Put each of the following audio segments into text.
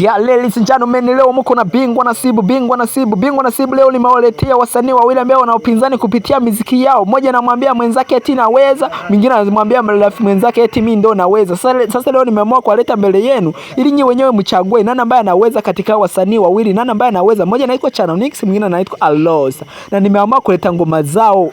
ya ladies and gentlemen, leo mko na bingwa Nasibu. Bingwa Nasibu, bingwa Nasibu leo nimewaletea wasanii wawili ambao wana upinzani kupitia miziki yao. Mmoja anamwambia mwenzake eti naweza, mwingine anamwambia mwenzake eti mimi ndo naweza. Sasa, sasa leo nimeamua kuwaleta mbele yenu ili nyinyi wenyewe mchague nani ambaye anaweza katika wasanii wawili, nani ambaye anaweza. Mmoja anaitwa Chanonix, mwingine anaitwa Alosa, na nimeamua kuleta ngoma zao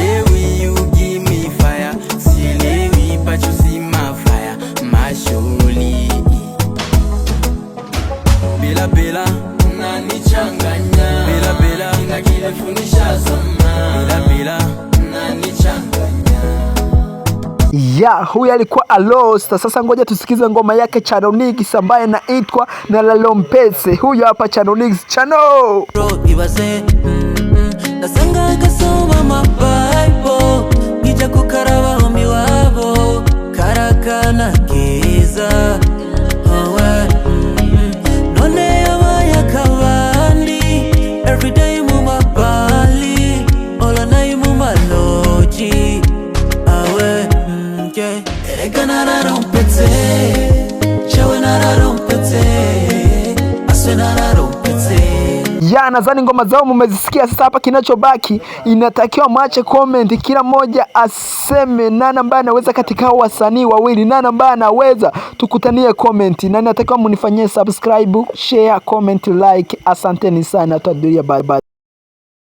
ya huyu alikuwa Alosta. Sasa ngoja tusikize ngoma yake Chanonix ambaye naitwa na Lalompese. Huyu hapa Chanonix Chano Chawe Aswe ya nadhani ngoma zao mumezisikia Sasa hapa kinachobaki inatakiwa mwache comment, kila mmoja aseme nani ambaye anaweza katika hao wasanii wawili, nani ambaye anaweza. Tukutanie comment, na inatakiwa munifanyie subscribe, share, comment, like. Asanteni sana, twaduria, bye bye.